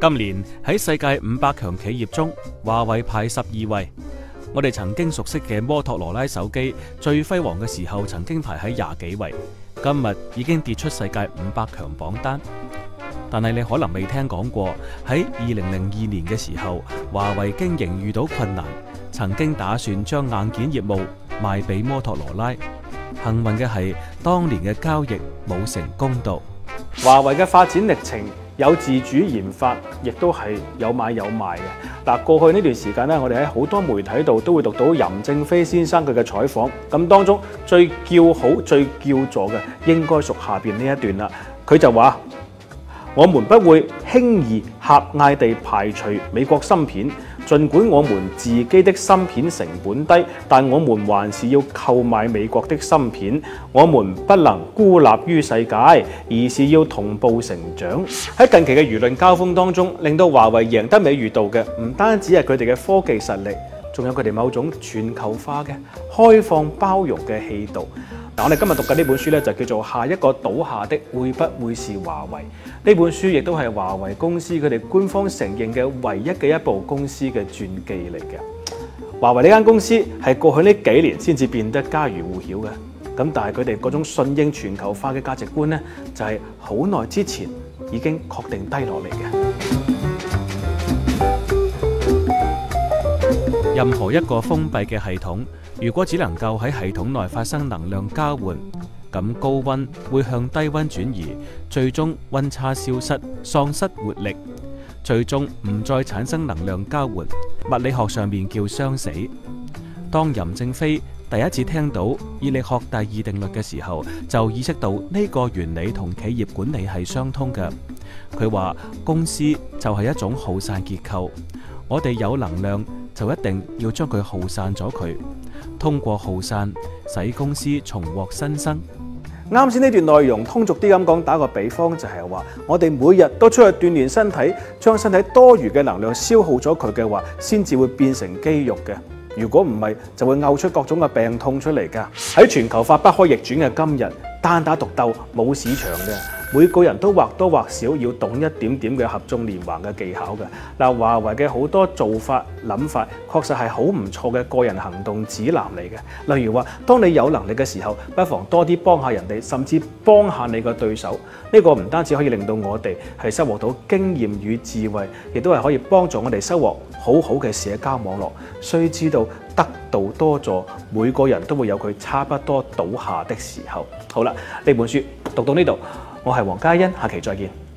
今年喺世界五百強企業中，華為排十二位。我哋曾經熟悉嘅摩托羅拉手機最輝煌嘅時候，曾經排喺廿幾位。今日已經跌出世界五百強榜單。但係你可能未聽講過，喺二零零二年嘅時候，華為經營遇到困難，曾經打算將硬件業務賣俾摩托羅拉。幸運嘅係，當年嘅交易冇成功到。華為嘅發展歷程。有自主研發，亦都係有買有賣嘅。嗱，過去呢段時間咧，我哋喺好多媒體度都會讀到任正非先生佢嘅採訪，咁當中最叫好、最叫座嘅應該屬下邊呢一段啦。佢就話：「我們不會輕易狹隘地排除美國芯片。儘管我們自己的芯片成本低，但我們還是要購買美國的芯片。我們不能孤立於世界，而是要同步成長。喺近期嘅輿論交鋒當中，令到華為贏得美譽度嘅，唔單止係佢哋嘅科技實力，仲有佢哋某種全球化嘅開放包容嘅氣度。我哋今日讀嘅呢本書咧，就叫做《下一個倒下的會不會是華為》，呢本書亦都係華為公司佢哋官方承認嘅唯一嘅一部公司嘅傳記嚟嘅。華為呢間公司係過去呢幾年先至變得家喻戶曉嘅，咁但係佢哋嗰種順應全球化嘅價值觀咧，就係好耐之前已經確定低落嚟嘅。任何一個封閉嘅系統，如果只能夠喺系統內發生能量交換，咁高温會向低温轉移，最終温差消失，喪失活力，最終唔再產生能量交換。物理學上面叫熵死。當任正非，第一次聽到熱力學第二定律嘅時候，就意識到呢個原理同企業管理係相通嘅。佢話公司就係一種耗散結構，我哋有能量就一定要將佢耗散咗佢，通過耗散使公司重獲新生。啱先呢段內容通俗啲咁講，打個比方就係話，我哋每日都出去鍛鍊身體，將身體多餘嘅能量消耗咗佢嘅話，先至會變成肌肉嘅。如果唔係，就會拗出各種嘅病痛出嚟㗎。喺全球化不可逆轉嘅今日，單打獨鬥冇市場嘅。每個人都或多或少要懂一點點嘅合縱連橫嘅技巧㗎。嗱，華為嘅好多做法、諗法確實係好唔錯嘅個人行動指南嚟嘅。例如話，當你有能力嘅時候，不妨多啲幫下人哋，甚至幫下你嘅對手。呢個唔單止可以令到我哋係收穫到經驗與智慧，亦都係可以幫助我哋收穫好好嘅社交網絡。須知道得道多助，每個人都會有佢差不多倒下的時候。好啦，呢本書讀到呢度。我係黃嘉欣，下期再見。